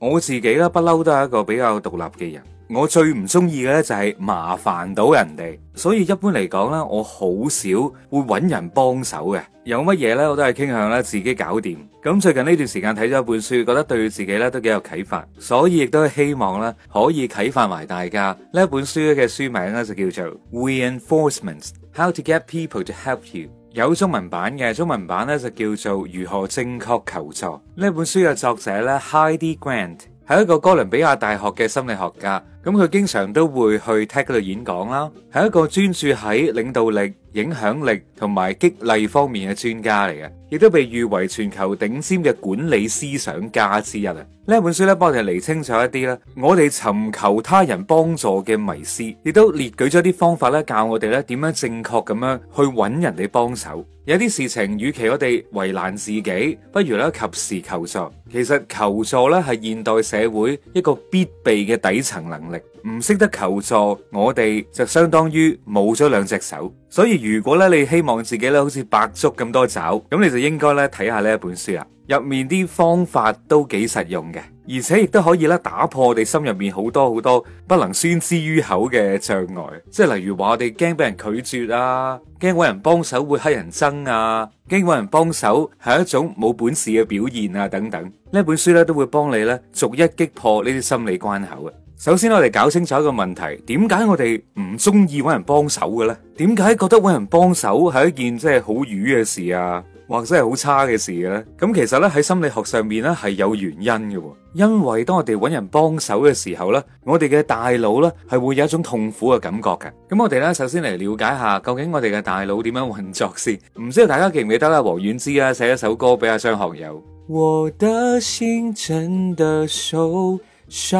我自己咧不嬲都係一個比較獨立嘅人，我最唔中意嘅呢，就係麻煩到人哋，所以一般嚟講呢，我好少會揾人幫手嘅。有乜嘢呢，我都係傾向咧自己搞掂。咁最近呢段時間睇咗一本書，覺得對自己咧都幾有啟發，所以亦都係希望咧可以啟發埋大家。呢本書嘅書名呢，就叫做 Reinforcements：How to Get People to Help You。有中文版嘅，中文版咧就叫做《如何正確求助》，呢本書嘅作者咧，Heidi Grant 係一個哥倫比亞大學嘅心理學家，咁佢經常都會去 TED 度演講啦，係一個專注喺領導力，影響力同埋激勵方面嘅專家嚟嘅，亦都被譽為全球頂尖嘅管理思想家之一啊！呢本書咧幫我哋理清楚一啲咧，我哋尋求他人幫助嘅迷思，亦都列舉咗啲方法咧教我哋咧點樣正確咁樣去揾人哋幫手。有啲事情，與其我哋為難自己，不如咧及時求助。其實求助咧係現代社會一個必備嘅底層能力。唔識得求助，我哋就相當於冇咗兩隻手。所以如果咧，你希望自己咧好似白粥咁多爪，咁你就應該咧睇下呢一本書啦。入面啲方法都幾實用嘅，而且亦都可以咧打破我哋心入面好多好多不能宣之於口嘅障礙，即係例如話我哋驚俾人拒絕啊，驚搵人幫手會乞人憎啊，驚搵人幫手係一種冇本事嘅表現啊等等。呢本書咧都會幫你咧逐一擊破呢啲心理關口啊！首先我哋搞清楚一個問題，點解我哋唔中意揾人幫手嘅咧？點解覺得揾人幫手係一件即係好瘀嘅事啊，或者係好差嘅事嘅、啊、咧？咁其實咧喺心理學上面咧係有原因嘅、哦，因為當我哋揾人幫手嘅時候咧，我哋嘅大腦咧係會有一種痛苦嘅感覺嘅。咁我哋咧首先嚟了解下究竟我哋嘅大腦點樣運作先。唔知道大家記唔記得啦？王菀之啊寫一首歌俾阿張學友，我的心真的受。傷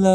啦，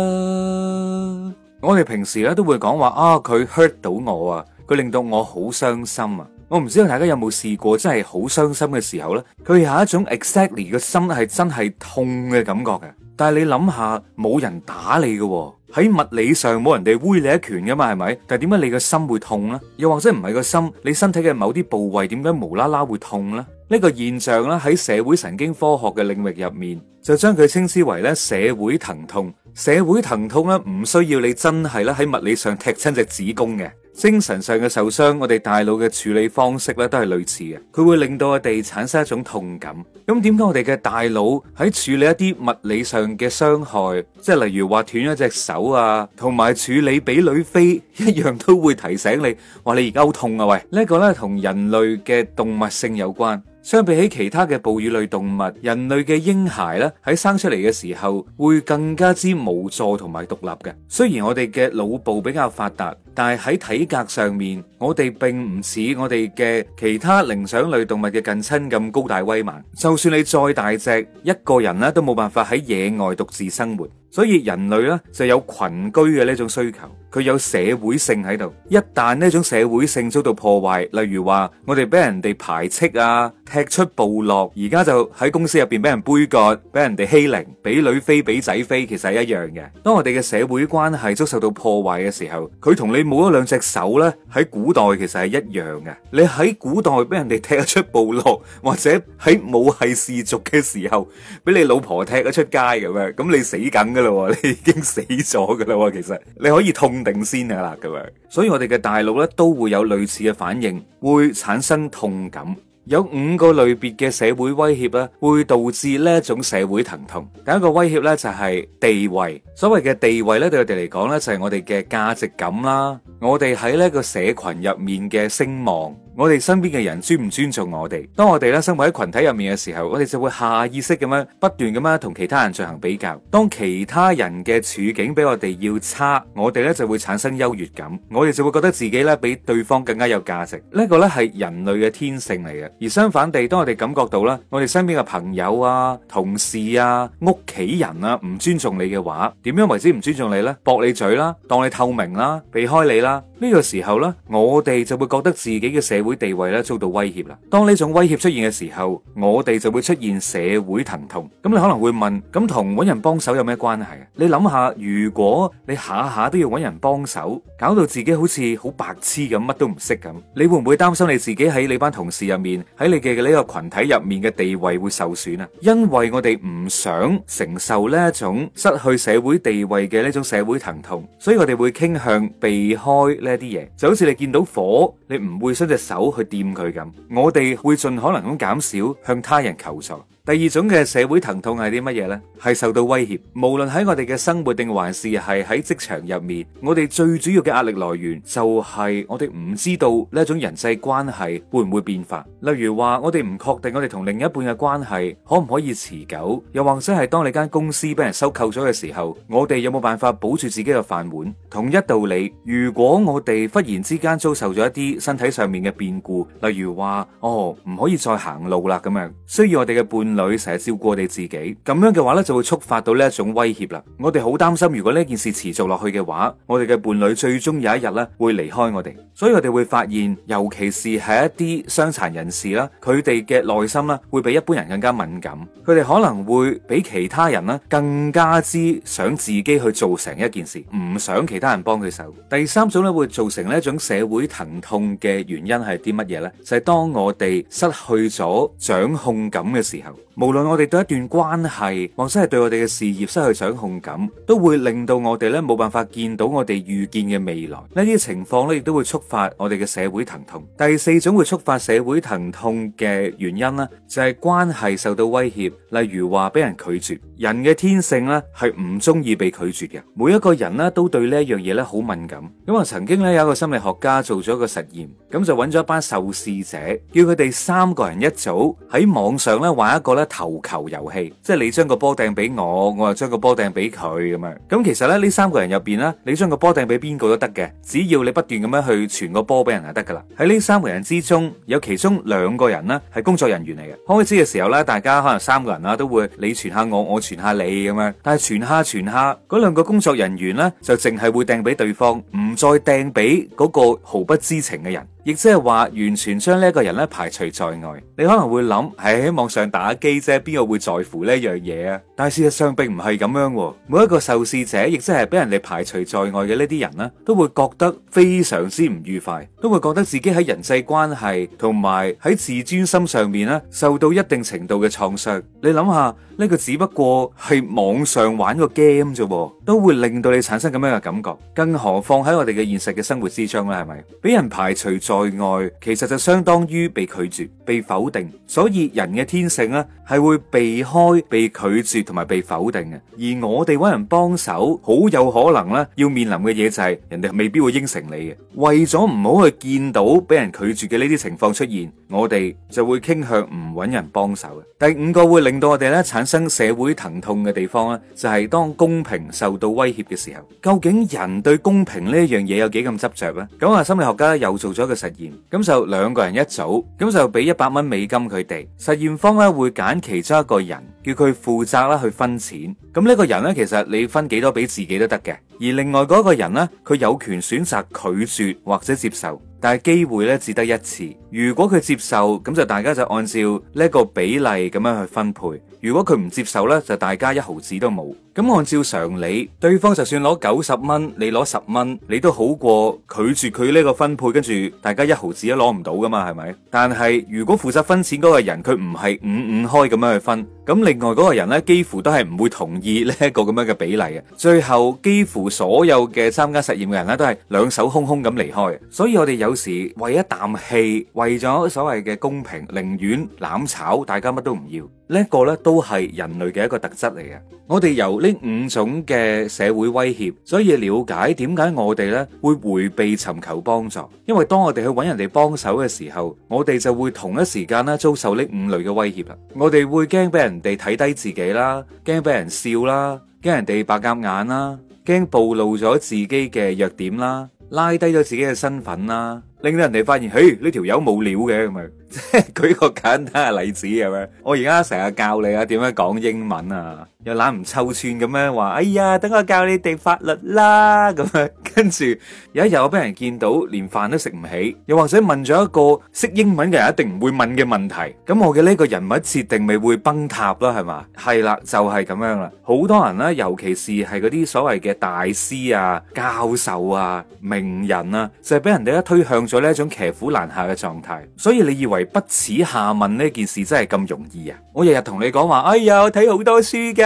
我哋平時咧都會講話啊，佢、哦、hurt 到我啊，佢令到我好傷心啊。我唔知道大家有冇試過，真係好傷心嘅時候呢，佢係一種 exactly 個心係真係痛嘅感覺嘅。但係你諗下，冇人打你嘅喎，哦，喺物理上冇人哋揮你一拳噶嘛，係咪？但係點解你個心會痛呢？又或者唔係個心，你身體嘅某啲部位點解無啦啦會痛呢？呢個現象啦，喺社會神經科學嘅領域入面，就將佢稱之為咧社會疼痛。社會疼痛咧，唔需要你真係咧喺物理上踢親隻子宮嘅。精神上嘅受傷，我哋大腦嘅處理方式咧都係類似嘅。佢會令到我哋產生一種痛感。咁點解我哋嘅大腦喺處理一啲物理上嘅傷害，即係例如話斷咗隻手啊，同埋處理俾女飛一樣，都會提醒你話你而家好痛啊喂。呢一個咧同人類嘅動物性有關。相比起其他嘅哺乳類動物，人類嘅嬰孩咧喺生出嚟嘅時候會更加之無助同埋獨立嘅。雖然我哋嘅腦部比較發達，但係喺體格上面，我哋並唔似我哋嘅其他靈長類動物嘅近親咁高大威猛。就算你再大隻，一個人咧都冇辦法喺野外獨自生活。所以人類咧就有群居嘅呢種需求，佢有社會性喺度。一旦呢種社會性遭到破壞，例如話我哋俾人哋排斥啊，踢出部落，而家就喺公司入邊俾人杯葛，俾人哋欺凌，俾女飛，俾仔飛，其實係一樣嘅。當我哋嘅社會關係遭受到破壞嘅時候，佢同你冇咗兩隻手咧，喺古代其實係一樣嘅。你喺古代俾人哋踢咗出部落，或者喺母系氏族嘅時候，俾你老婆踢咗出街咁樣，咁你死梗噶。 你已經死咗嘅啦，其實你可以痛定先噶啦，咁樣。所以我哋嘅大腦咧都會有類似嘅反應，會產生痛感。有五個類別嘅社會威脅咧，會導致呢一種社會疼痛。第一個威脅咧就係地位。所謂嘅地位咧，對我哋嚟講咧，就係我哋嘅價值感啦，我哋喺呢個社群入面嘅聲望。我哋身邊嘅人尊唔尊重我哋？當我哋咧生活喺群體入面嘅時候，我哋就會下意識咁樣不斷咁樣同其他人進行比較。當其他人嘅處境比我哋要差，我哋咧就會產生優越感，我哋就會覺得自己咧比對方更加有價值。呢個、呢個咧係人類嘅天性嚟嘅。而相反地，當我哋感覺到咧，我哋身邊嘅朋友啊、同事啊、屋企人啊唔尊重你嘅話，點樣為之唔尊重你呢？駁你嘴啦，當你透明啦，避開你啦。呢、呢個時候咧，我哋就會覺得自己嘅社社會地位咧遭到威脅啦。當呢種威脅出現嘅時候，我哋就會出現社會疼痛。咁你可能會問：咁同揾人幫手有咩關係啊？你諗下，如果你下下都要揾人幫手，搞到自己好似好白痴咁，乜都唔識咁，你會唔會擔心你自己喺你班同事入面，喺你嘅呢個群體入面嘅地位會受損啊？因為我哋唔想承受呢一種失去社會地位嘅呢種社會疼痛，所以我哋會傾向避開呢一啲嘢。就好似你見到火，你唔會伸隻手。手去掂佢咁，我哋會盡可能咁減少向他人求助。第二種嘅社會疼痛係啲乜嘢呢？係受到威脅，無論喺我哋嘅生活定還是係喺職場入面，我哋最主要嘅壓力來源就係我哋唔知道呢種人際關係會唔會變化。例如話我哋唔確定我哋同另一半嘅關係可唔可以持久，又或者係當你間公司俾人收購咗嘅時候，我哋有冇辦法保住自己嘅飯碗？同一道理，如果我哋忽然之間遭受咗一啲身體上面嘅變故，例如話哦唔可以再行路啦咁樣，需要我哋嘅伴。女成日照顧我哋自己，咁樣嘅話呢就會觸發到呢一種威脅啦。我哋好擔心，如果呢件事持續落去嘅話，我哋嘅伴侶最終有一日呢會離開我哋。所以我哋會發現，尤其是係一啲傷殘人士啦，佢哋嘅內心啦會比一般人更加敏感。佢哋可能會比其他人呢更加之想自己去做成一件事，唔想其他人幫佢手。第三種咧會造成呢一種社會疼痛嘅原因係啲乜嘢呢？就係當我哋失去咗掌控感嘅時候。無論我哋對一段關係，或者係對我哋嘅事業失去掌控感，都會令到我哋咧冇辦法見到我哋預見嘅未來。呢啲情況咧亦都會觸發我哋嘅社會疼痛。第四種會觸發社會疼痛嘅原因咧，就係關係受到威脅，例如話俾人拒絕。人嘅天性咧係唔中意被拒絕嘅，每一個人咧都對呢一樣嘢咧好敏感。咁啊，曾經咧有一個心理學家做咗一個實驗，咁就揾咗一班受試者，叫佢哋三個人一組喺網上咧玩一個咧。投球遊戲，即係你將個波掟俾我，我又將個波掟俾佢咁樣。咁其實咧，呢三個人入邊咧，你將個波掟俾邊個都得嘅，只要你不斷咁樣去傳個波俾人就得噶啦。喺呢三個人之中，有其中兩個人咧係工作人員嚟嘅。開始嘅時候呢，大家可能三個人呀都會你傳下我，我傳下你咁樣。但係傳下傳下，嗰兩個工作人員呢，就淨係會掟俾對方，唔再掟俾嗰個毫不知情嘅人。亦即係話，完全將呢一個人咧排除在外。你可能會諗，係喺網上打機啫，邊個會在乎呢樣嘢啊？但係事實上並唔係咁樣。每一個受試者，亦即係俾人哋排除在外嘅呢啲人咧，都會覺得非常之唔愉快，都會覺得自己喺人際關係同埋喺自尊心上面咧，受到一定程度嘅創傷。你諗下，呢個只不過係網上玩個 game 啫，都會令到你產生咁樣嘅感覺。更何況喺我哋嘅現實嘅生活之中咧，係咪俾人排除在？在外其實就相當於被拒絕、被否定，所以人嘅天性咧係會避開被拒絕同埋被否定嘅。而我哋揾人幫手，好有可能咧要面臨嘅嘢就係人哋未必會應承你嘅。為咗唔好去見到俾人拒絕嘅呢啲情況出現，我哋就會傾向唔揾人幫手。第五個會令到我哋咧產生社會疼痛嘅地方咧，就係當公平受到威脅嘅時候，究竟人對公平呢一樣嘢有幾咁執着咧？咁啊，心理學家又做咗個。實驗咁就兩個人一組，咁就俾一百蚊美金佢哋。實驗方咧會揀其中一個人，叫佢負責啦，去分錢。咁呢個人呢，其實你分幾多俾自己都得嘅。而另外嗰一個人呢，佢有權選擇拒絕或者接受，但係機會呢，只得一次。如果佢接受，咁就大家就按照呢一個比例咁樣去分配。如果佢唔接受呢，就大家一毫子都冇。咁按照常理，對方就算攞九十蚊，你攞十蚊，你都好過拒絕佢呢個分配，跟住大家一毫子都攞唔到噶嘛，係咪？但係如果負責分錢嗰個人，佢唔係五五開咁樣去分，咁另外嗰個人呢，幾乎都係唔會同意呢一個咁樣嘅比例嘅。最後幾乎所有嘅參加實驗嘅人呢，都係兩手空空咁離開。所以我哋有時為一啖氣，為咗所謂嘅公平，寧願攬炒，大家乜都唔要。呢一個呢都係人類嘅一個特質嚟嘅。我哋由呢五種嘅社會威脅，所以了解點解我哋呢會回避尋求幫助。因為當我哋去揾人哋幫手嘅時候，我哋就會同一時間咧遭受呢五類嘅威脅啦。我哋會驚俾人哋睇低自己啦，驚俾人笑啦，驚人哋白鴿眼啦，驚暴露咗自己嘅弱點啦，拉低咗自己嘅身份啦。令到人哋發現，嘿呢條友冇料嘅咁啊！即係舉個簡單嘅例子係咪，我而家成日教你啊點樣講英文啊，又懶唔抽串咁樣話，哎呀，等我教你哋法律啦咁樣。跟住有一日我俾人見到，連飯都食唔起，又或者問咗一個識英文嘅人一定唔會問嘅問題，咁我嘅呢個人物設定咪會崩塌咯，係嘛？係啦，就係咁樣啦。好多人啦，尤其是係嗰啲所謂嘅大師啊、教授啊、名人啊，就係俾人哋一推向。做呢一種騎虎難下嘅狀態，所以你以為不恥下問呢件事真係咁容易啊？我日日同你講話，哎呀，睇好多書噶，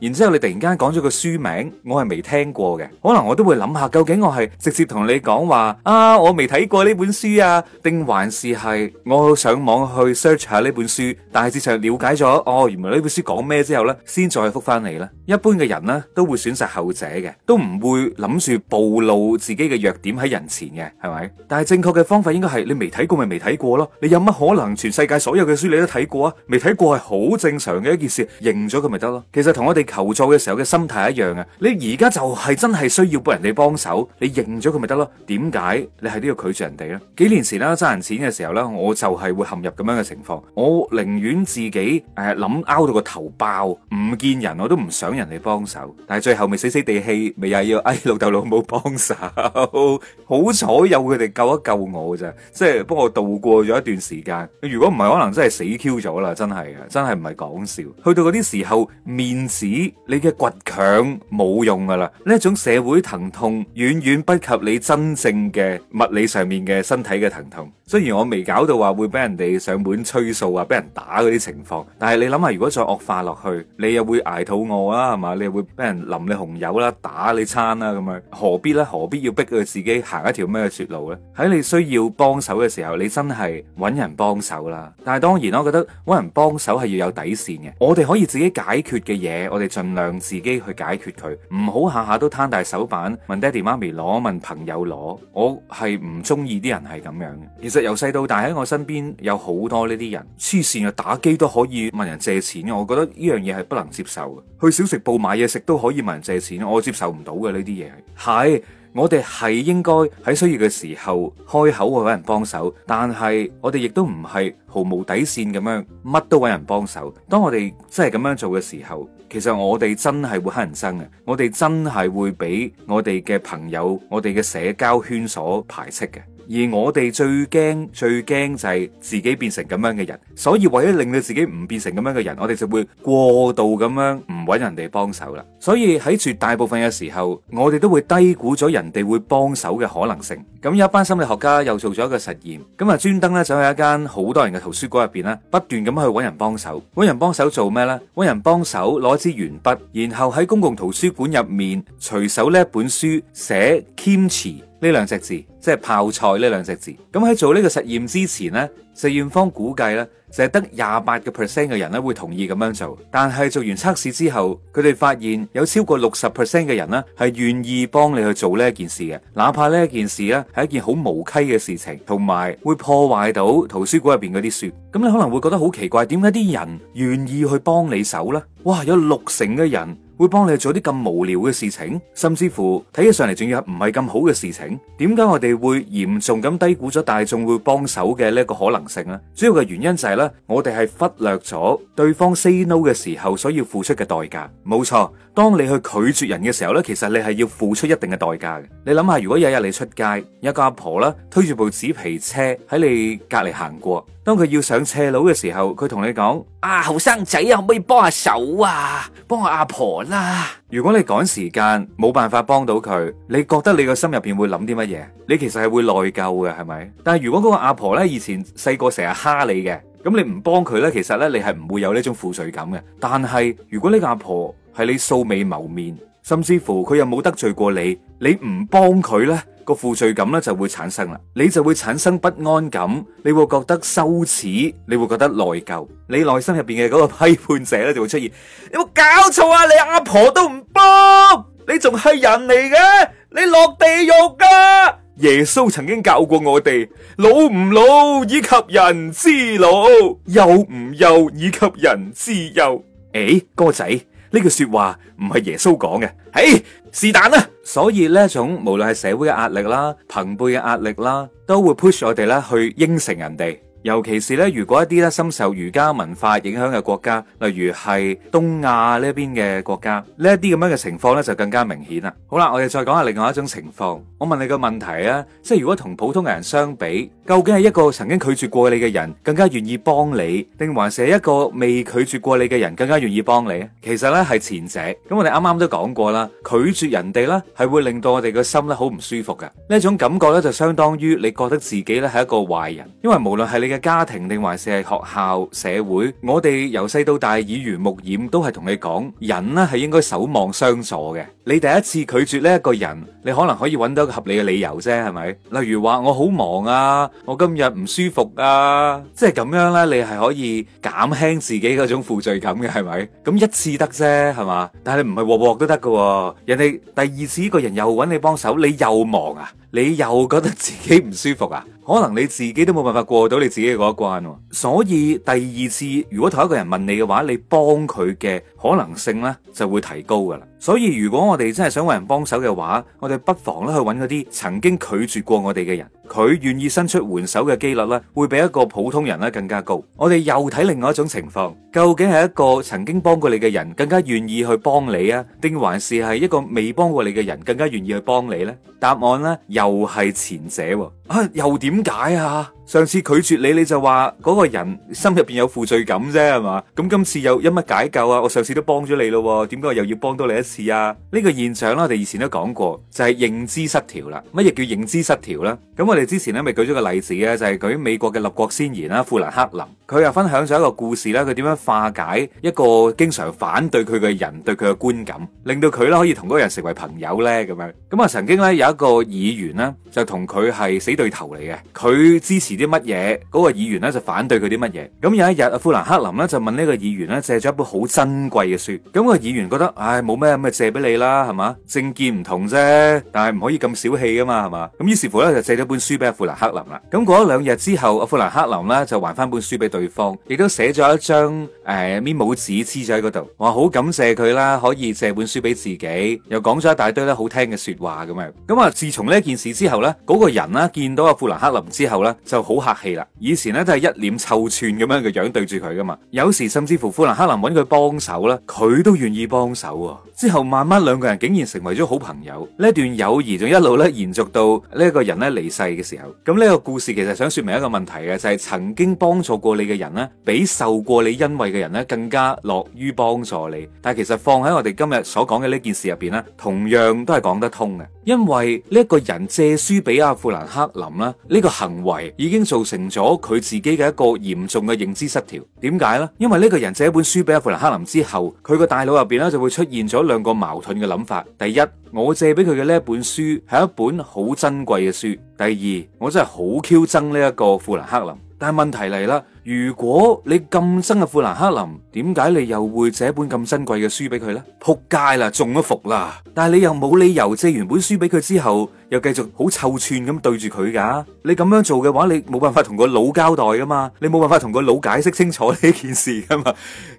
然之後你突然間講咗個書名，我係未聽過嘅，可能我都會諗下，究竟我係直接同你講話啊，我未睇過呢本書啊，定還是係我上網去 search 下呢本書，大致上了解咗哦，原來呢本書講咩之後呢，先再復翻你咧。一般嘅人呢，都會選擇後者嘅，都唔會諗住暴露自己嘅弱點喺人前嘅，係咪？但係確嘅方法應該係你未睇過咪未睇過咯，你有乜可能全世界所有嘅書你都睇過啊？未睇過係好正常嘅一件事，認咗佢咪得咯。其實同我哋求助嘅時候嘅心態一樣啊！你而家就係真係需要俾人哋幫手，你認咗佢咪得咯？點解你係都要拒絕人哋咧？幾年前啦，爭人錢嘅時候咧，我就係會陷入咁樣嘅情況，我寧願自己誒諗拗到個頭爆，唔見人我都唔想人哋幫手，但係最後咪死死地氣，咪又要誒老豆老母幫手，好彩有佢哋救一救。救我啫，即係幫我度過咗一段時間。如果唔係，可能真係死 Q 咗啦！真係啊，真係唔係講笑。去到嗰啲時候，面子你嘅倔強冇用噶啦。呢一種社會疼痛，遠遠不及你真正嘅物理上面嘅身體嘅疼痛。雖然我未搞到話會俾人哋上門催數啊，俾人打嗰啲情況，但係你諗下，如果再惡化落去，你又會捱肚餓啦、啊，係嘛？你又會俾人淋你紅油啦、啊，打你餐啦、啊，咁樣何必呢？何必要逼佢自己行一條咩絕路呢？喺你需要幫手嘅時候，你真係揾人幫手啦。但係當然，我覺得揾人幫手係要有底線嘅。我哋可以自己解決嘅嘢，我哋盡量自己去解決佢，唔好下下都攤大手板問爹哋媽咪攞，問朋友攞。我係唔中意啲人係咁樣嘅。其實由細到大喺我身邊有好多呢啲人黐線啊，打機都可以問人借錢，我覺得呢樣嘢，係不能接受嘅。去小食部買嘢食都可以問人借錢，我接受唔到嘅呢啲嘢係。我哋係應該喺需要嘅時候開口去搵人幫手，但係我哋亦都唔係毫無底線咁樣乜都揾人幫手。當我哋真係咁樣做嘅時候，其實我哋真係會黑人憎嘅，我哋真係會俾我哋嘅朋友、我哋嘅社交圈所排斥嘅。而我哋最驚最驚就係自己變成咁樣嘅人，所以為咗令到自己唔變成咁樣嘅人，我哋就會過度咁樣唔搵人哋幫手啦。所以喺絕大部分嘅時候，我哋都會低估咗人哋會幫手嘅可能性。咁有一班心理學家又做咗一個實驗，咁啊專登咧走去一間好多人嘅圖書館入邊啦，不斷咁去搵人幫手，搵人幫手做咩呢？搵人幫手攞支鉛筆，然後喺公共圖書館入面隨手呢一本書寫 kimchi。呢兩隻字即係泡菜呢兩隻字。咁喺做呢個實驗之前呢，實驗方估計呢，就係得廿八個 percent 嘅人咧會同意咁樣做。但係做完測試之後，佢哋發現有超過六十 percent 嘅人呢係願意幫你去做呢一件事嘅，哪怕呢一件事呢係一件好無稽嘅事情，同埋會破壞到圖書館入邊嗰啲書。咁你可能會覺得好奇怪，點解啲人願意去幫你手呢？哇！有六成嘅人會幫你做啲咁無聊嘅事情，甚至乎睇起上嚟仲要唔係咁好嘅事情。點解我哋會嚴重咁低估咗大眾會幫手嘅呢個可能性咧？主要嘅原因就係呢：我哋係忽略咗對方 say no 嘅時候所要付出嘅代價。冇錯，當你去拒絕人嘅時候呢，其實你係要付出一定嘅代價嘅。你諗下，如果有一日你出街，有個阿婆咧推住部紙皮車喺你隔籬行過。當佢要上斜路嘅時候，佢同你講：啊，後生仔啊，可唔可以幫下手啊？幫下阿婆啦！如果你趕時間，冇辦法幫到佢，你覺得你個心入邊會諗啲乜嘢？你其實係會內疚嘅，係咪？但係如果嗰個阿婆呢，以前細個成日蝦你嘅，咁你唔幫佢呢，其實呢，你係唔會有呢種負罪感嘅。但係如果呢個阿婆係你素未謀面，甚至乎佢又冇得罪過你，你唔幫佢呢。個負罪感咧就會產生啦，你就會產生不安感，你會覺得羞恥，你會覺得內疚，你內心入邊嘅嗰個批判者咧就會出現。 你有冇搞錯啊？你阿婆都唔幫，你仲係人嚟嘅？你落地獄啊！耶穌曾經教過我哋：老唔老以及人之老，幼唔幼以及人之幼。誒，哥仔，呢句說話唔係耶穌講嘅，嘿是但啦。所以呢一種，無論係社會嘅壓力啦、朋輩嘅壓力啦，都會 push 我哋咧去應承人哋。尤其是咧，如果一啲咧深受儒家文化影響嘅國家，例如係東亞呢邊嘅國家，這這呢一啲咁樣嘅情況咧就更加明顯啦。好啦，我哋再講下另外一種情況。我問你個問題啊，即係如果同普通嘅人相比，究竟係一個曾經拒絕過你嘅人更加願意幫你，定還是一個未拒絕過你嘅人更加願意幫你呢？其實咧係前者。咁我哋啱啱都講過啦，拒絕人哋啦，係會令到我哋個心咧好唔舒服嘅。呢種感覺咧就相當於你覺得自己咧係一個壞人，因為無論係你家庭定還是係學校、社會，我哋由細到大耳濡目染都係同你講，人咧係應該守望相助嘅。你第一次拒絕呢一個人，你可能可以揾到個合理嘅理由啫，係咪？例如話我好忙啊，我今日唔舒服啊，即係咁樣呢，你係可以減輕自己嗰種負罪感嘅，係咪？咁一次得啫，係嘛？但係唔係鑊鑊都得㗎喎，人哋第二次呢個人又揾你幫手，你又忙啊？你又覺得自己唔舒服啊？可能你自己都冇辦法過到你自己嗰一關喎啊。所以第二次，如果同一個人問你嘅話，你幫佢嘅可能性呢就會提高㗎喇。所以如果我哋真係想揾人幫手嘅話，我哋不妨咧去揾嗰啲曾經拒絕過我哋嘅人，佢願意伸出援手嘅機率呢會比一個普通人呢更加高。我哋又睇另外一種情況，究竟係一個曾經幫過你嘅人更加願意去幫你啊，定還是係一個未幫過你嘅人更加願意去幫你呢？答案呢，又係前者。啊，又點解啊？上次拒絕你，你就話嗰個人心入邊有負罪感啫，係嘛？咁今次又因乜解救啊？我上次都幫咗你咯，點解又要幫多你一次啊？呢個現象咧，我哋以前都講過，就係、是、認知失調啦。乜嘢叫認知失調咧？咁我哋之前咧咪舉咗個例子咧，就係、是、舉美國嘅立國先賢啦，富蘭克林，佢又分享咗一個故事咧，佢點樣化解一個經常反對佢嘅人對佢嘅觀感，令到佢咧可以同嗰個人成為朋友咧，咁樣。咁啊，曾經咧有一個議員啦，就同佢係對頭嚟嘅，佢支持啲乜嘢，嗰個議員咧就反對佢啲乜嘢。咁有一日，阿富蘭克林咧就問呢個議員咧借咗一本好珍貴嘅書。咁個議員覺得，唉，冇咩咁啊，借俾你啦，係嘛？政見唔同啫，但係唔可以咁小氣啊嘛，係嘛？咁於是乎咧就借咗本書俾阿富蘭克林啦。咁過咗兩日之後，阿富蘭克林咧就還翻本書俾對方，亦都寫咗一張誒，memo 紙黐咗喺嗰度，話好感謝佢啦，可以借本書俾自己，又講咗一大堆咧好聽嘅說話咁樣。咁啊，自從呢件事之後咧，嗰個人啦見到阿富蘭克林之後咧，就好客氣啦。以前咧都係一臉臭串咁樣嘅樣對住佢噶嘛。有時甚至乎富蘭克林揾佢幫手咧，佢都願意幫手。之後慢慢兩個人竟然成爲咗好朋友。呢段友誼仲一路咧延續到呢個人咧離世嘅時候。咁呢個故事其實想說明一個問題嘅，就係曾經幫助過你嘅人呢，比受過你恩惠嘅人呢，更加樂於幫助你。但係其實放喺我哋今日所講嘅呢件事入邊呢，同樣都係講得通嘅。因為呢一個人借書俾阿富蘭克林啦，呢、呢個行為已經造成咗佢自己嘅一個嚴重嘅認知失調。點解呢？因為呢個人借一本書俾阿富蘭克林之後，佢個大腦入邊咧就會出現咗兩個矛盾嘅諗法。第一，我借俾佢嘅呢一本書係一本好珍貴嘅書；第二，我真係好挑憎呢一個富蘭克林。但係問題嚟啦。如果你咁憎嘅富蘭克林，點解你又會借本咁珍貴嘅書俾佢呢？撲街啦，中咗伏啦！但係你又冇理由借完本書俾佢之後，又繼續好臭串咁對住佢噶。你咁樣做嘅話，你冇辦法同個腦交代噶嘛？你冇辦法同個腦解釋清楚呢件事噶嘛？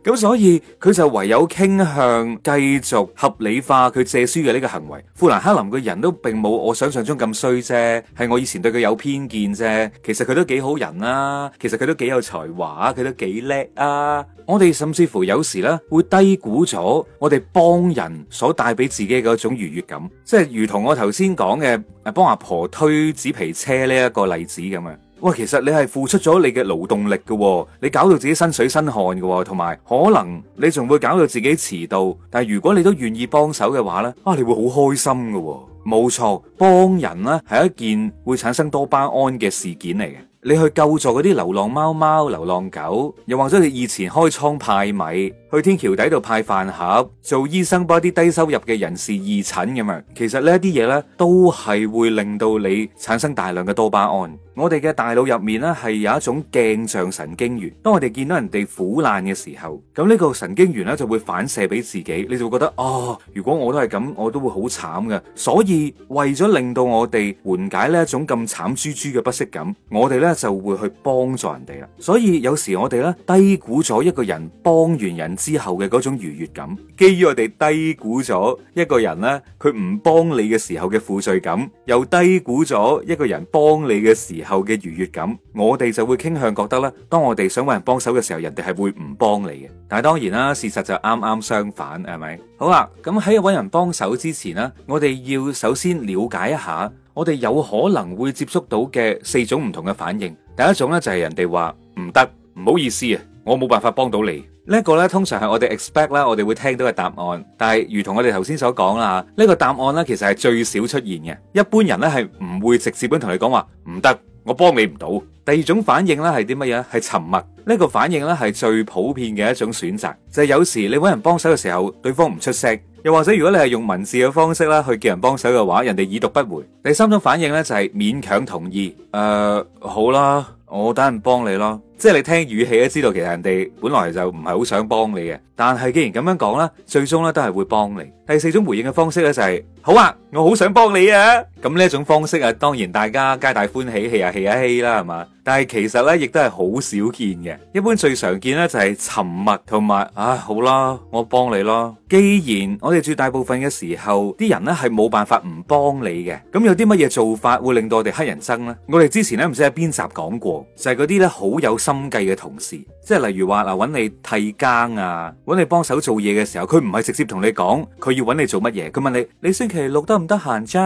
咁所以佢就唯有傾向繼續合理化佢借書嘅呢個行為。富蘭克林嘅人都並冇我想象中咁衰啫，係我以前對佢有偏見啫。其實佢都幾好人啦，其實佢都幾有才，才華佢都幾叻啊！我哋甚至乎有時咧會低估咗我哋幫人所帶俾自己嘅嗰種愉悅感，即係如同我頭先講嘅，誒幫阿婆推紙皮車呢一個例子咁啊！喂，其實你係付出咗你嘅勞動力嘅，你搞到自己身水身汗嘅，同埋可能你仲會搞到自己遲到。但係如果你都願意幫手嘅話呢，啊，你會好開心噶喎！冇錯，幫人呢係一件會產生多巴胺嘅事件嚟嘅。你去救助嗰啲流浪貓貓、流浪狗，又或者你以前開倉派米，去天橋底度派飯盒，做醫生幫啲低收入嘅人士義診咁樣，其實呢啲嘢呢，都係會令到你產生大量嘅多巴胺。我哋嘅大腦入面呢，係有一種鏡像神經元，當我哋見到人哋苦難嘅時候，咁呢個神經元呢，就會反射俾自己，你就會覺得哦，如果我都係咁，我都會好慘㗎。所以為咗令到我哋緩解呢一種咁慘豬豬嘅不適感，我哋呢就會去幫助人哋啦。所以有時我哋呢低估咗一個人幫完人。之後嘅嗰種愉悦感，基於我哋低估咗一個人咧，佢唔幫你嘅時候嘅負罪感，又低估咗一個人幫你嘅時候嘅愉悦感，我哋就會傾向覺得咧，當我哋想揾人幫手嘅時候，人哋係會唔幫你嘅。但係當然啦，事實就啱啱相反，係咪？好啦，咁喺揾人幫手之前呢，我哋要首先了解一下，我哋有可能會接觸到嘅四種唔同嘅反應。第一種咧就係人哋話唔得，唔好意思啊，我冇辦法幫到你。呢一個呢，通常係我哋 expect 呢，我哋會聽到嘅答案。但係，如同我哋頭先所講啦，呢、這個答案呢其實係最少出現嘅。一般人呢係唔會直接咁同你講話唔得，我幫你唔到。第二種反應呢係啲乜嘢？係沉默。呢、這個反應呢係最普遍嘅一種選擇。就係、是、有時你搵人幫手嘅時候，對方唔出聲。又或者如果你係用文字嘅方式啦去叫人幫手嘅話，人哋已讀不回。第三種反應呢就係勉強同意。誒、呃，好啦，我等人幫你囉。即係你聽語氣都知道，其實人哋本來就唔係好想幫你嘅。但係既然咁樣講啦，最終咧都係會幫你。第四種回應嘅方式咧就係，好啊，我好想幫你啊。咁呢一種方式啊，當然大家皆大歡喜,喜,喜,喜,喜,喜,喜，氣啊氣啊氣啦，係嘛？但係其實咧，亦都係好少見嘅。一般最常見咧就係沉默同埋啊，好啦，我幫你啦。既然我哋絕大部分嘅時候，啲人咧係冇辦法唔幫你嘅。咁有啲乜嘢做法會令到我哋乞人憎呢？我哋之前咧唔知喺邊集講過，就係嗰啲咧好有。心計嘅同事，即係例如話，嗱，揾你替更啊，揾你幫手做嘢嘅時候，佢唔係直接同你講，佢要揾你做乜嘢，佢問你：你星期六得唔得閒啫？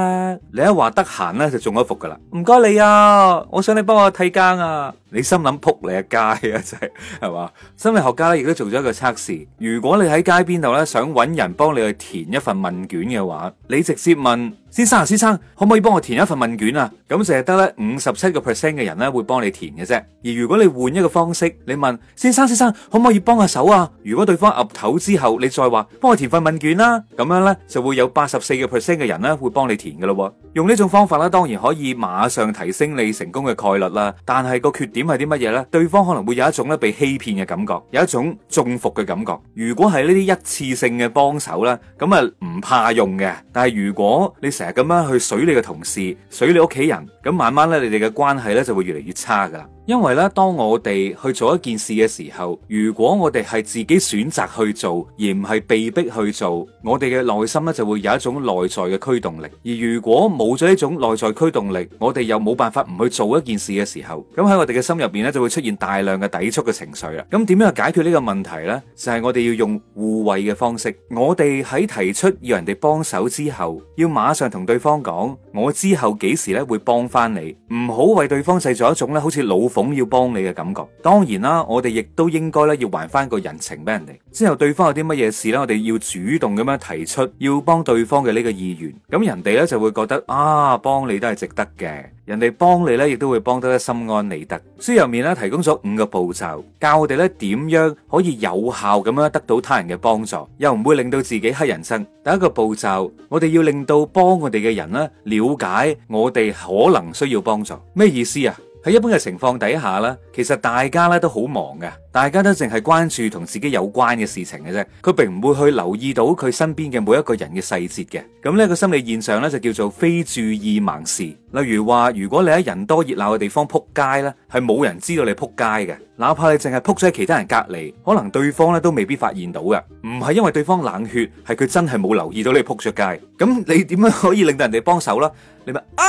你一話得閒呢，就中咗伏噶啦。唔該你啊，我想你幫我替更啊。你心諗扑你阿、啊、街啊，真係係嘛？心理學家咧亦都做咗一個測試。如果你喺街邊度咧想揾人幫你去填一份問卷嘅話，你直接問先生，先生可唔可以幫我填一份問卷啊？咁淨係得咧五十七個 percent 嘅人咧會幫你填嘅啫。而如果你換一個方式，你問先生，先生可唔可以幫下手啊？如果對方岌頭之後，你再話幫我填份問卷啦、啊，咁樣呢就會有八十四個 percent 嘅人咧會幫你填嘅咯。用呢種方法咧，當然可以馬上提升你成功嘅概率啦。但係個缺點。點係啲乜嘢呢？對方可能會有一種咧被欺騙嘅感覺，有一種中伏嘅感覺。如果係呢啲一次性嘅幫手啦，咁啊唔怕用嘅。但係如果你成日咁樣去水你嘅同事、水你屋企人，咁慢慢咧你哋嘅關係咧就會越嚟越差噶啦。因為咧，當我哋去做一件事嘅時候，如果我哋係自己選擇去做，而唔係被逼去做，我哋嘅內心咧就會有一種內在嘅驅動力。而如果冇咗呢種內在驅動力，我哋又冇辦法唔去做一件事嘅時候，咁喺我哋嘅心入邊咧就會出現大量嘅抵觸嘅情緒啦。咁點樣解決呢個問題咧？就係我哋要用互惠嘅方式。我哋喺提出要人哋幫手之後，要馬上同對方講，我之後幾時咧會幫翻你？唔好為對方製造一種咧好似老火，總要幫你嘅感覺，當然啦，我哋亦都應該咧要還翻一個人情俾人哋。之後對方有啲乜嘢事咧，我哋要主動咁樣提出要幫對方嘅呢個意願，咁人哋咧就會覺得啊，幫你都係值得嘅。人哋幫你咧，亦都會幫得心安理得。書入面咧提供咗五個步驟，教我哋咧點樣可以有效咁樣得到他人嘅幫助，又唔會令到自己乞人憎。第一個步驟，我哋要令到幫我哋嘅人呢了解我哋可能需要幫助，咩意思啊？喺一般嘅情況底下呢，其實大家呢都好忙嘅，大家都淨係關注同自己有關嘅事情嘅啫。佢並唔會去留意到佢身邊嘅每一個人嘅細節嘅。咁呢一個心理現象呢，就叫做「非注意盲視」。例如話，如果你喺人多熱鬧嘅地方撲街呢，係冇人知道你撲街嘅。哪怕你淨係撲咗喺其他人隔離，可能對方呢都未必發現到嘅。唔係因為對方冷血，係佢真係冇留意到你撲著街。咁你點樣可以令到人哋幫手呢？你咪哎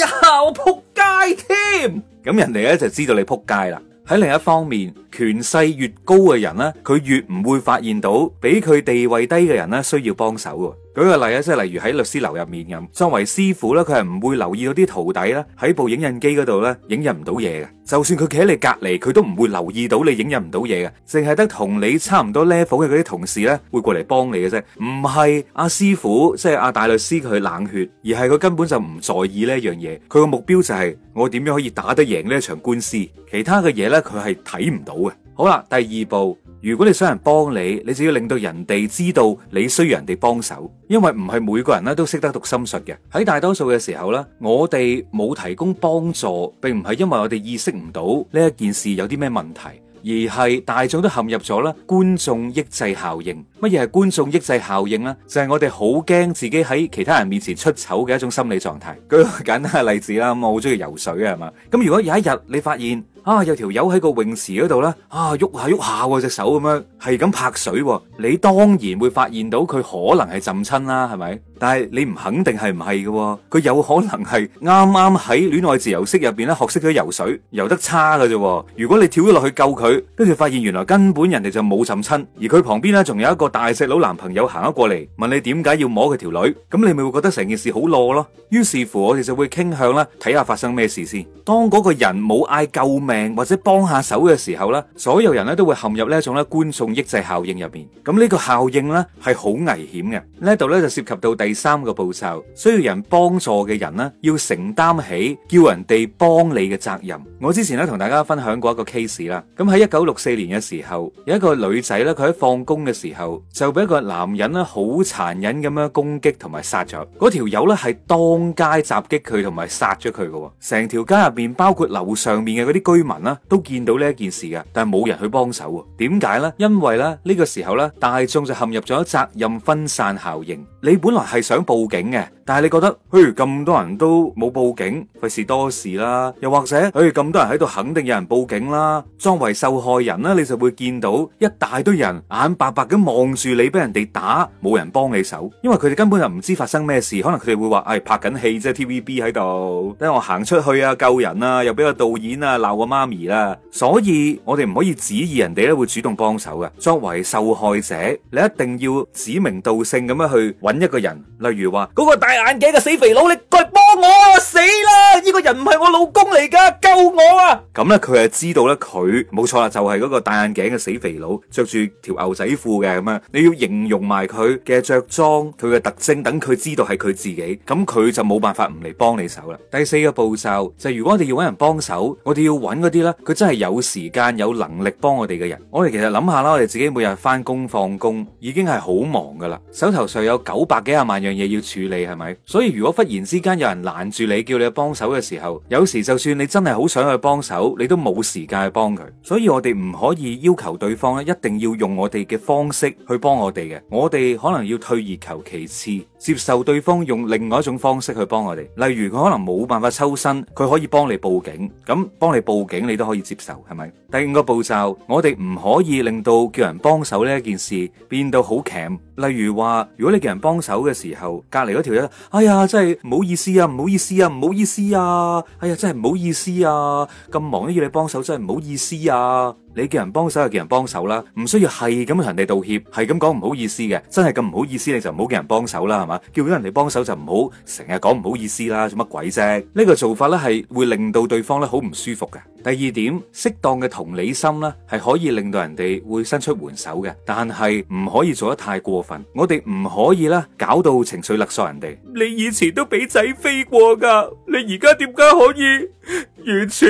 呀，我仆街添！咁人哋咧就知道你仆街啦。喺另一方面，權勢越高嘅人咧，佢越唔會發現到比佢地位低嘅人咧需要幫手。舉個例啊，即係例如喺律師樓入面咁，作為師傅咧，佢係唔會留意到啲徒弟咧喺部影印機嗰度咧影印唔到嘢嘅。就算佢企喺你隔籬，佢都唔會留意到你影印唔到嘢嘅，淨係得同你差唔多 level 嘅嗰啲同事咧會過嚟幫你嘅啫。唔係阿師傅，即係阿大律師佢冷血，而係佢根本就唔在意呢一樣嘢。佢個目標就係我點樣可以打得贏呢一場官司，其他嘅嘢咧佢係睇唔到嘅。好啦，第二步。如果你想人幫你，你就要令到人哋知道你需要人哋幫手，因為唔係每個人咧都識得讀心術嘅。喺大多數嘅時候咧，我哋冇提供幫助，並唔係因為我哋意識唔到呢一件事有啲咩問題，而係大眾都陷入咗咧觀眾抑制效應。乜嘢係觀眾抑制效應呢？就係我哋好驚自己喺其他人面前出醜嘅一種心理狀態。舉個簡單嘅例子啦，我好中意游水啊係嘛，咁如果有一日你發現。啊！有條友喺個泳池嗰度咧，啊，喐下喐下隻手咁樣，係咁拍水。你當然會發現到佢可能係浸親啦，係咪？但係你唔肯定係唔係嘅，佢有可能係啱啱喺戀愛自由式入邊咧學識咗游水，游得差嘅啫。如果你跳咗落去救佢，跟住發現原來根本人哋就冇浸親，而佢旁邊咧仲有一個大隻佬男朋友行咗過嚟，問你點解要摸佢條女，咁你咪會覺得成件事好攞咯。於是乎，我哋就會傾向啦，睇下發生咩事先。當嗰個人冇嗌救命，或者幫下手嘅時候啦，所有人咧都會陷入呢一種咧觀眾抑制效應入邊。咁呢個效應咧係好危險嘅。呢度咧就涉及到第三個步驟，需要人幫助嘅人咧要承擔起叫人哋幫你嘅責任。我之前咧同大家分享過一個 case 啦。咁喺一九六四年嘅時候，有一個女仔咧，佢喺放工嘅時候就俾一個男人咧好殘忍咁樣攻擊同埋殺咗。嗰條友咧係當街襲擊佢同埋殺咗佢嘅，成條街入邊包括樓上面嘅嗰啲居民啦，都見到呢一件事嘅，但係冇人去幫手啊？點解呢？因為咧呢個時候咧，大眾就陷入咗責任分散效應。你本來係想報警嘅，但係你覺得，嘿咁多人都冇報警，費事多事啦。又或者，嘿咁多人喺度，肯定有人報警啦，作為受害人啦，你就會見到一大堆人眼白白咁望住你，俾人哋打，冇人幫你手，因為佢哋根本就唔知發生咩事。可能佢哋會話：，哎，拍緊戲啫，TVB 喺度，等我行出去啊，救人啊，又俾個導演啊鬧我。媽咪啦，所以我哋唔可以指意人哋咧會主動幫手嘅。作為受害者，你一定要指名道姓咁樣去揾一個人，例如話嗰個戴眼鏡嘅死肥佬，你過嚟幫我啊！死啦！呢個人唔係我老公嚟噶，救我啊！咁咧，佢係知道咧，佢冇錯啦，就係嗰個戴眼鏡嘅死肥佬，着住條牛仔褲嘅咁樣。你要形容埋佢嘅着裝，佢嘅特徵，等佢知道係佢自己，咁佢就冇辦法唔嚟幫你手啦。第四個步驟就係，如果我哋要揾人幫手，我哋要揾。嗰啲咧，佢真係有時間有能力幫我哋嘅人。我哋其實諗下啦，我哋自己每日翻工、放工已經係好忙噶啦，手頭上有九百幾啊萬樣嘢要處理，係咪？所以如果忽然之間有人攔住你，叫你去幫手嘅時候，有時就算你真係好想去幫手，你都冇時間去幫佢。所以我哋唔可以要求對方咧，一定要用我哋嘅方式去幫我哋嘅。我哋可能要退而求其次。接受對方用另外一種方式去幫我哋，例如佢可能冇辦法抽身，佢可以幫你報警，咁幫你報警你都可以接受，係咪？第五個步驟，我哋唔可以令到叫人幫手呢一件事變到好 c 例如話，如果你叫人幫手嘅時候，隔離嗰條友，哎呀，真係唔好意思啊，唔好意思啊，唔好意思啊，哎呀，真係唔好意思啊，咁忙都要你幫手，真係唔好意思啊。你叫人幫手就叫人幫手啦，唔需要係咁同人哋道歉，係咁講唔好意思嘅，真係咁唔好意思你就唔好叫人幫手啦，係嘛？叫咗人哋幫手就唔好成日講唔好意思啦，做乜鬼啫？呢個做法呢，係會令到對方呢好唔舒服嘅。第二點，適當嘅同理心呢，係可以令到人哋會伸出援手嘅，但係唔可以做得太過分。我哋唔可以啦，搞到情緒勒索人哋。你以前都俾仔飛過噶，你而家點解可以完全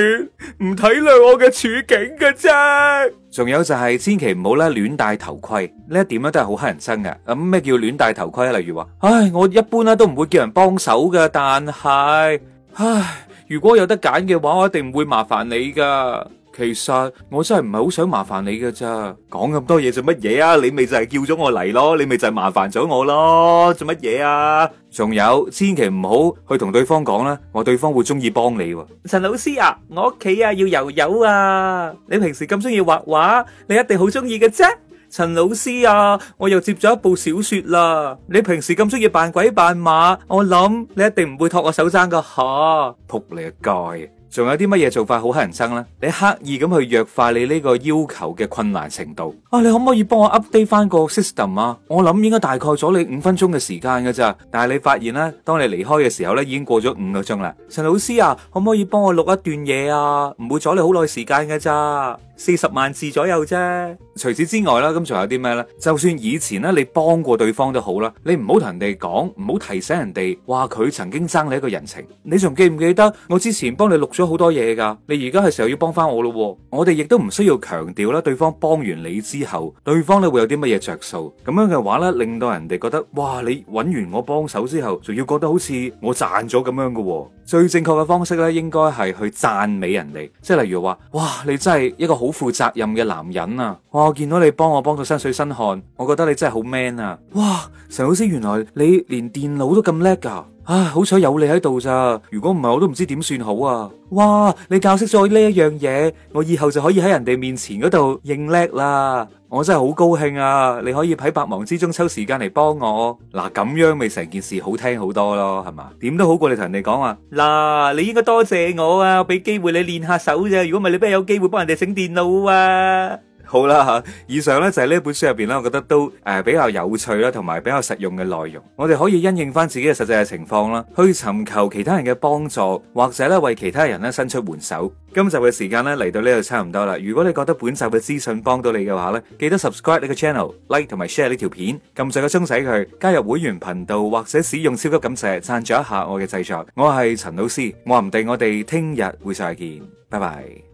唔體諒我嘅處境嘅啫？仲有就係千祈唔好咧亂戴頭盔，呢一點咧都係好乞人憎噶。咁咩叫亂戴頭盔啊？例如話，唉，我一般啦都唔會叫人幫手噶，但係唉，如果有得揀嘅話，我一定唔會麻煩你噶。其實我真係唔係好想麻煩你嘅咋，講咁多嘢做乜嘢啊？你咪就係叫咗我嚟咯，你咪就係麻煩咗我咯，做乜嘢啊？仲有，千祈唔好去同對方講啦，我對方會中意幫你。陳老師啊，我屋企啊要油油啊！你平時咁中意畫畫，你一定好中意嘅啫。陳老師啊，我又接咗一部小說啦。你平時咁中意扮鬼扮馬，我諗你一定唔會托我手踭噶吓。撲你個街！仲有啲乜嘢做法好乞人憎呢？你刻意咁去弱化你呢個要求嘅困難程度啊！你可唔可以幫我 update 翻個 system 啊？我諗應該大概阻你五分鐘嘅時間㗎咋，但係你發現呢，當你離開嘅時候呢，已經過咗五個鐘啦。陳老師啊，可唔可以幫我錄一段嘢啊？唔會阻你好耐時間㗎咋。四十萬字左右啫。除此之外啦，咁仲有啲咩呢？就算以前咧，你幫過對方都好啦，你唔好同人哋講，唔好提醒人哋話佢曾經欠你一個人情。你仲記唔記得我之前幫你錄咗好多嘢噶？你而家係時候要幫返我咯。我哋亦都唔需要強調啦，對方幫完你之後，對方咧會有啲乜嘢着數？咁樣嘅話呢，令到人哋覺得哇，你揾完我幫手之後，仲要覺得好似我賺咗咁樣噶。最正確嘅方式呢，應該係去讚美人哋，即係例如話哇，你真係一個好。好負責任嘅男人啊！哇，我見到你幫我幫到身水身汗，我覺得你真係好 man 啊！哇，陳老 C，原來你連電腦都咁叻噶啊，唉，好彩有你喺度咋，如果唔係我都唔知點算好啊！哇，你教識咗呢一樣嘢，我以後就可以喺人哋面前嗰度認叻啦。我真係好高興啊！你可以喺百忙之中抽時間嚟幫我，嗱、啊、咁樣咪成件事好聽好多咯，係嘛？點都好過你同人哋講啊，嗱、啊、你應該多謝我啊，俾機會你練下手啫，如果唔係你邊有機會幫人哋整電腦啊？好啦吓，以上咧就係呢本書入邊咧，我覺得都誒比較有趣啦，同埋比較實用嘅內容。我哋可以因應翻自己嘅實際嘅情況啦，去尋求其他人嘅幫助，或者咧為其他人咧伸出援手。今集嘅時間咧嚟到呢度差唔多啦。如果你覺得本集嘅資訊幫到你嘅話咧，記得 subscribe 呢個 channel，like 同埋 share 呢條片，撳上個鐘仔佢加入會員頻道，或者使用超級感謝贊助一下我嘅製作。我係陳老 C，話唔定我哋聽日會再見，拜拜。